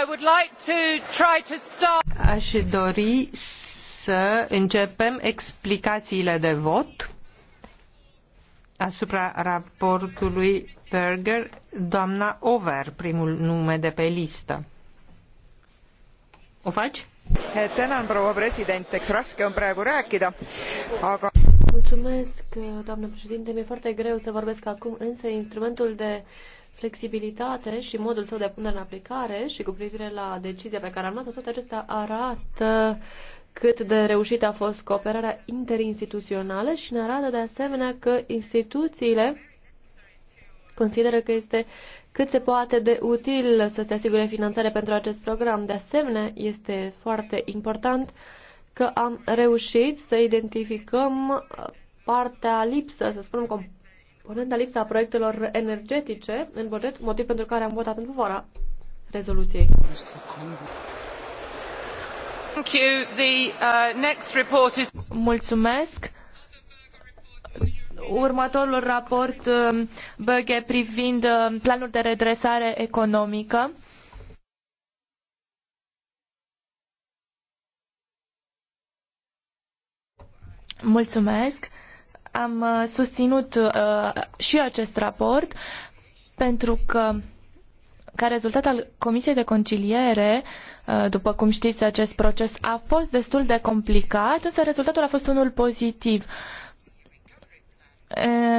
I would like to try to start... Aș dori să începem explicațiile de vot asupra raportului Berger, doamna Over, primul nume de pe listă. O faci? Eh, tänan, proua president, eks raske on praegu rääkida, aga... Mulțumesc, doamnă președinte, mi-e foarte greu să vorbesc acum, însă instrumentul de flexibilitate și modul său de punere în aplicare și cu privire la decizia pe care am luat-o, toate acestea arată cât de reușită a fost cooperarea interinstituțională și ne arată de asemenea că instituțiile consideră că este cât se poate de util să se asigure finanțare pentru acest program. De asemenea, este foarte important că am reușit să identificăm partea lipsă, să spunem, componenta lipsa proiectelor energetice în buget, motiv pentru care am votat în favoarea rezoluției. Uh, Mulțumesc. Următorul raport uh, Böge privind uh, planul de redresare economică. Mulțumesc am uh, susținut uh, și acest raport pentru că ca rezultat al Comisiei de Conciliere, uh, după cum știți, acest proces a fost destul de complicat, însă rezultatul a fost unul pozitiv.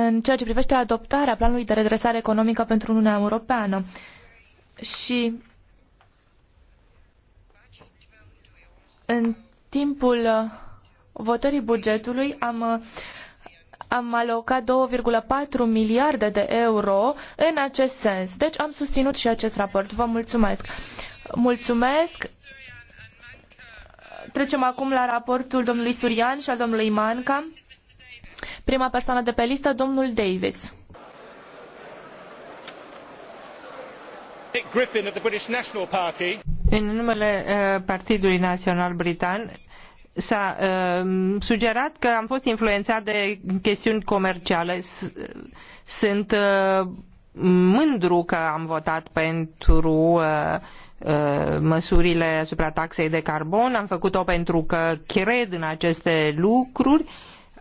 În ceea ce privește adoptarea planului de redresare economică pentru Uniunea Europeană. Și în timpul uh, votării bugetului am am alocat 2,4 miliarde de euro în acest sens. Deci am susținut și acest raport. Vă mulțumesc. Mulțumesc. Trecem acum la raportul domnului Surian și al domnului Manca. Prima persoană de pe listă, domnul Davis. Griffin, în numele uh, Partidului Național Britan, s-a uh, sugerat că am fost influențat de chestiuni comerciale. Sunt uh, mândru că am votat pentru uh, uh, măsurile asupra taxei de carbon, am făcut-o pentru că cred în aceste lucruri,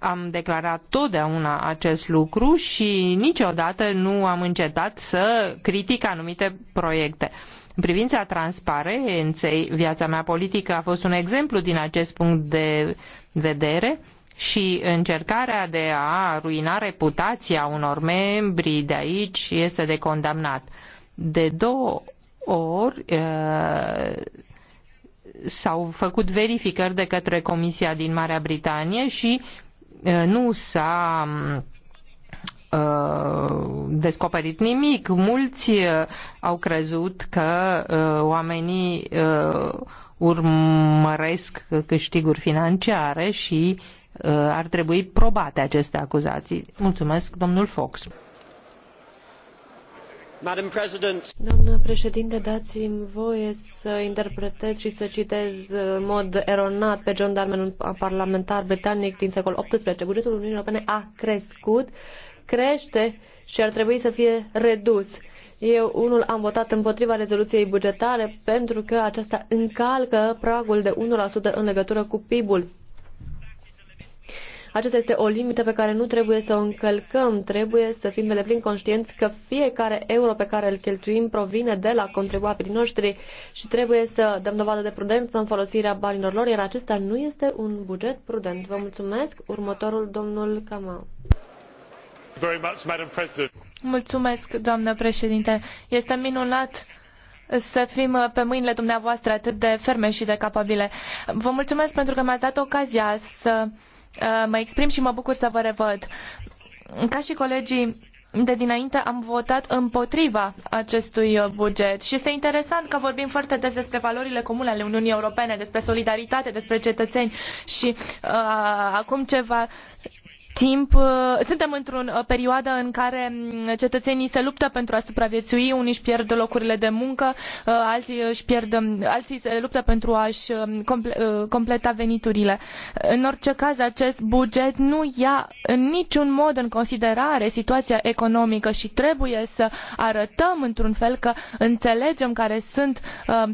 am declarat totdeauna acest lucru și niciodată nu am încetat să critic anumite proiecte. Uh, în privința transparenței, viața mea politică a fost un exemplu din acest punct de vedere și încercarea de a ruina reputația unor membri de aici este de condamnat. De două ori uh, s-au făcut verificări de către Comisia din Marea Britanie și uh, nu s-a Uh, descoperit nimic. Mulți uh, au crezut că uh, oamenii urmăresc câștiguri financiare și ar trebui probate aceste acuzații. Mulțumesc, domnul Fox. Doamnă președinte, dați-mi voie să interpretez și să citez în mod eronat pe John Darman, un parlamentar britanic din secolul XVIII. Bugetul Uniunii Europene a crescut crește și ar trebui să fie redus. Eu, unul, am votat împotriva rezoluției bugetare pentru că aceasta încalcă pragul de 1% în legătură cu PIB-ul. Aceasta este o limită pe care nu trebuie să o încălcăm. Trebuie să fim de deplin conștienți că fiecare euro pe care îl cheltuim provine de la contribuabilii noștri și trebuie să dăm dovadă de prudență în folosirea banilor lor, iar acesta nu este un buget prudent. Vă mulțumesc. Următorul, domnul Camau. Mulțumesc, Este minunat să fim uh, pe mâinile dumneavoastră atât de ferme și de capabile. Vă mulțumesc pentru că mi-ați dat ocazia să uh, mă exprim și mă bucur să vă revăd. Ca și colegii de dinainte am votat împotriva acestui uh, buget și este interesant că vorbim foarte des despre valorile comune ale Uniunii Europene, despre solidaritate, despre cetățeni și uh, acum ceva timp, uh, suntem într-o uh, perioadă în care mm, cetățenii se luptă pentru a supraviețui, unii își pierd locurile de muncă, uh, alții, își pierd, mm, alții se luptă pentru a-și mm, completa veniturile. În orice caz, acest buget nu ia în niciun mod în considerare situația economică și trebuie să arătăm într-un fel că înțelegem care sunt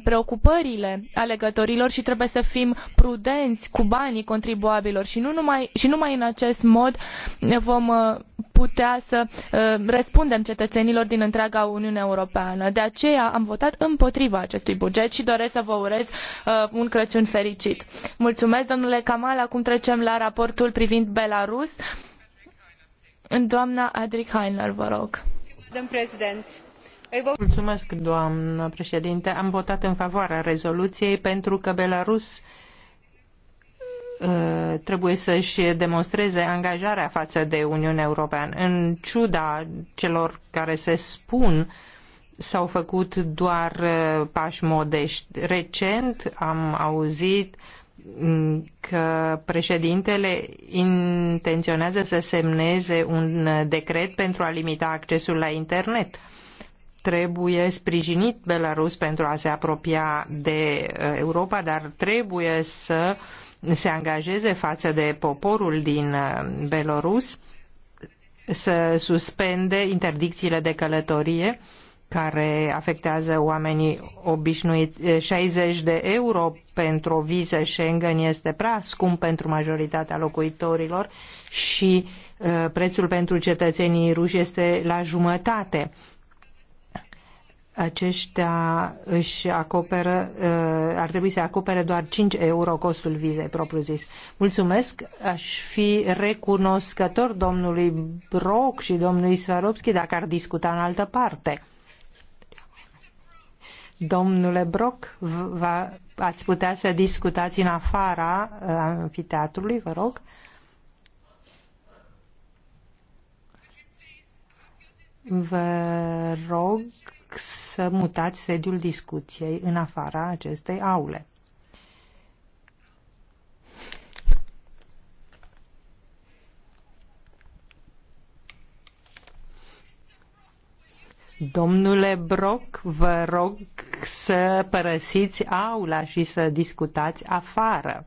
preocupările alegătorilor și trebuie să fim prudenți cu banii contribuabilor și nu numai, și numai în acest mod mult vom uh, putea să uh, răspundem cetățenilor din întreaga Uniune Europeană. De aceea am votat împotriva acestui buget și doresc să vă urez uh, un Crăciun fericit. Mulțumesc, domnule Kamal. Acum trecem la raportul privind Belarus. Doamna Adric Heinler, vă rog. Mulțumesc, doamnă președinte. Am votat în favoarea rezoluției pentru că Belarus trebuie să-și demonstreze angajarea față de Uniunea Europeană. În ciuda celor care se spun s-au făcut doar uh, pași modești. Recent am auzit mm, că președintele intenționează să semneze un uh, decret pentru a limita accesul la internet. Trebuie sprijinit Belarus pentru a se apropia de uh, Europa, dar trebuie să se angajeze față de poporul din uh, Belarus să suspende interdicțiile de călătorie care afectează oamenii obișnuiți. 60 eh, de euro pentru o viză Schengen este prea scump pentru majoritatea locuitorilor și eh, prețul pentru cetățenii ruși este la jumătate aceștia își acoperă, uh, ar trebui să acopere doar 5 euro costul vizei propriu-zis. Mulțumesc, aș fi recunoscător domnului Brock și domnului Svarovski dacă ar discuta în altă parte. Domnule Brock, va, ați putea să discutați în afara uh, amfiteatrului, vă rog? Vă rog să mutați sediul discuției în afara acestei aule. Domnule Brock, vă rog să părăsiți aula și să discutați afară.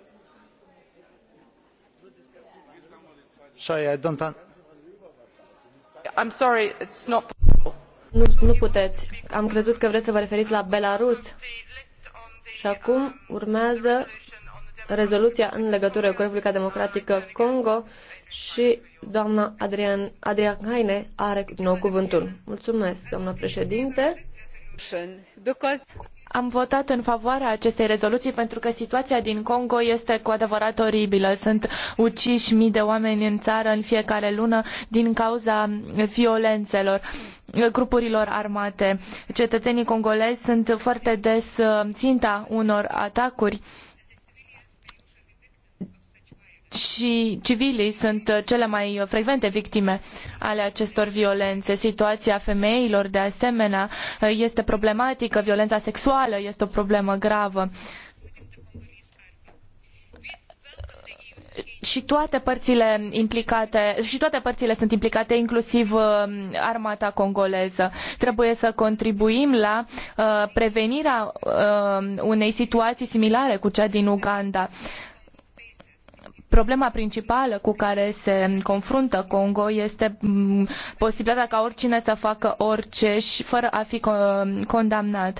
Sorry, I don't... nu, puteți. Am crezut că vreți să vă referiți la Belarus. Și acum urmează rezoluția în legătură cu Republica Democratică Congo și doamna Adrian, Haine are nou cuvântul. Mulțumesc, doamna președinte. Am votat în favoarea acestei rezoluii pentru că situația din Congo este cu adevărat oribilă. Sunt ucii mii de oameni în țară în fiecare lună din cauza violențelor grupurilor armate. Cetățenii congolezi sunt foarte des ă, inta unor atacuri uh, și civilii sunt uh, cele mai frecvente victime ale acestor violențe. Situația femeilor, de asemenea, uh, este problematică, violența sexuală este o problemă gravă. și toate părțile implicate și toate părțile sunt implicate inclusiv uh, armata congoleză. Trebuie să contribuim la prevenirea unei situații similare cu cea din Uganda. Problema principală cu care se confruntă Congo este mm, posibilitatea ca oricine să facă orice și fără a fi condamnat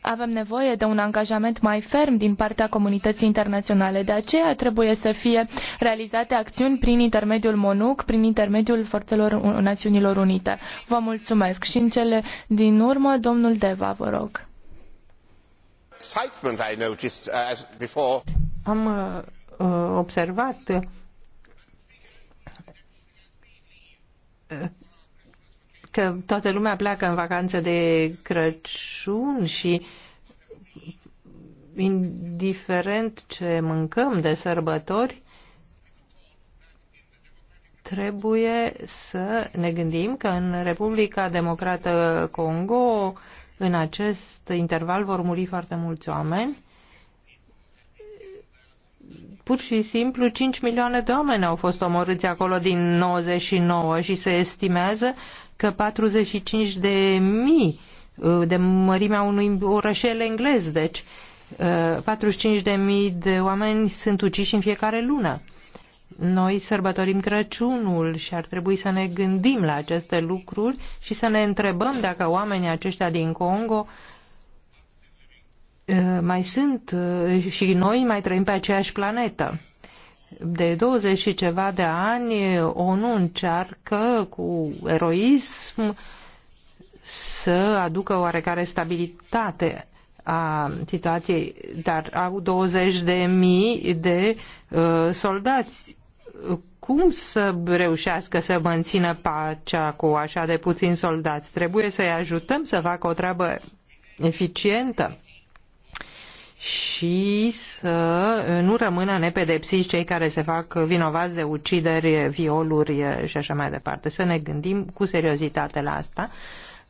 avem nevoie de un angajament mai ferm din partea comunității internaționale. De aceea trebuie să fie realizate acțiuni prin intermediul MONUC, prin intermediul Forțelor Națiunilor Unite. Vă mulțumesc. Și în cele din urmă, domnul Deva, vă rog. Uh, Am uh, Uh, observat uh, că toată lumea pleacă în vacanță de Crăciun și indiferent ce mâncăm de sărbători, trebuie să ne gândim că în Republica Democrată Congo în acest interval vor muri foarte mulți oameni pur și simplu 5 milioane de oameni au fost omorâți acolo din 99 și se estimează că 45 de mii uh, de mărimea unui orășel englez, deci 45 uh, de mii de oameni sunt uciși în fiecare lună. Noi sărbătorim Crăciunul și ar trebui să ne gândim la aceste lucruri și să ne întrebăm dacă oamenii aceștia din Congo mai sunt uh, și noi mai trăim pe aceeași planetă. De 20 și ceva de ani, ONU încearcă cu eroism să aducă oarecare stabilitate a situației, dar au 20 de mii de uh, soldați. Cum să reușească să mențină pacea cu așa de puțini soldați? Trebuie să-i ajutăm să facă o treabă eficientă și să nu rămână nepedepsiți cei care se fac vinovați de ucideri, violuri și așa mai departe. Să ne gândim cu seriozitate la asta.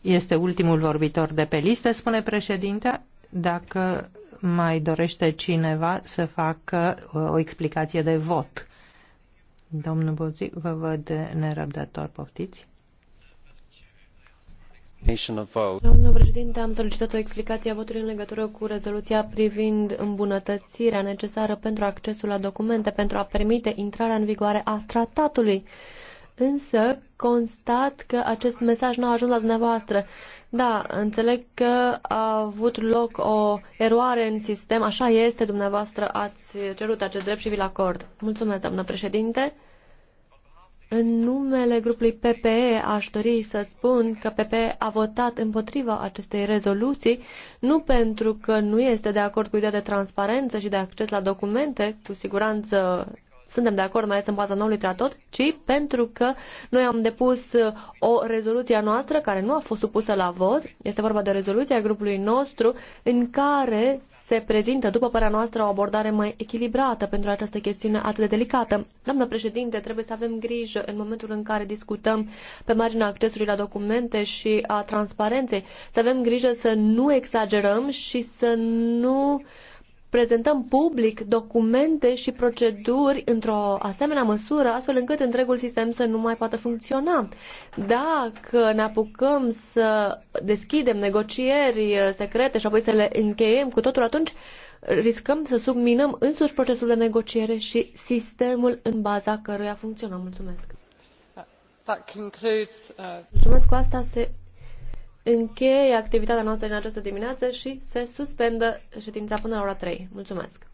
Este ultimul vorbitor de pe listă, spune președintea. Dacă mai dorește cineva să facă uh, o explicație de vot. Domnul Bozi, vă văd nerăbdător, poftiți președinte, am solicitat o explicație a votului în legătură cu rezoluția privind îmbunătățirea necesară pentru accesul la documente pentru a permite intrarea în vigoare a tratatului. Însă constat că acest mesaj nu a ajuns la dumneavoastră. Da, înțeleg că a avut loc o eroare în sistem, așa este, dumneavoastră ați cerut acest drept și vi-l acord. Mulțumesc, doamnă președinte. În numele grupului PPE aș dori să spun că PPE a votat împotriva acestei rezoluții, nu pentru că nu este de acord cu ideea de transparență și de acces la documente, cu siguranță suntem de acord, mai ales în baza noului tratat, ci pentru că noi am depus uh, o rezoluție a noastră care nu a fost supusă la vot. Este vorba de rezoluția grupului nostru în care se prezintă, după părerea noastră, o abordare mai echilibrată pentru această chestiune atât de delicată. Doamnă președinte, trebuie să avem grijă în momentul în care discutăm pe marginea accesului la documente și a transparenței, să avem grijă să nu exagerăm și să nu uh, prezentăm public documente și proceduri într-o asemenea măsură, astfel încât întregul sistem să nu mai poată funcționa. Dacă ne apucăm să deschidem negocieri secrete și apoi să le încheiem cu totul, atunci riscăm să subminăm însuși procesul de negociere și sistemul în baza căruia funcționăm. Mulțumesc! That concludes, uh... Mulțumesc, cu asta se încheie activitatea noastră în această dimineață și se suspendă ședința până la ora 3. Mulțumesc!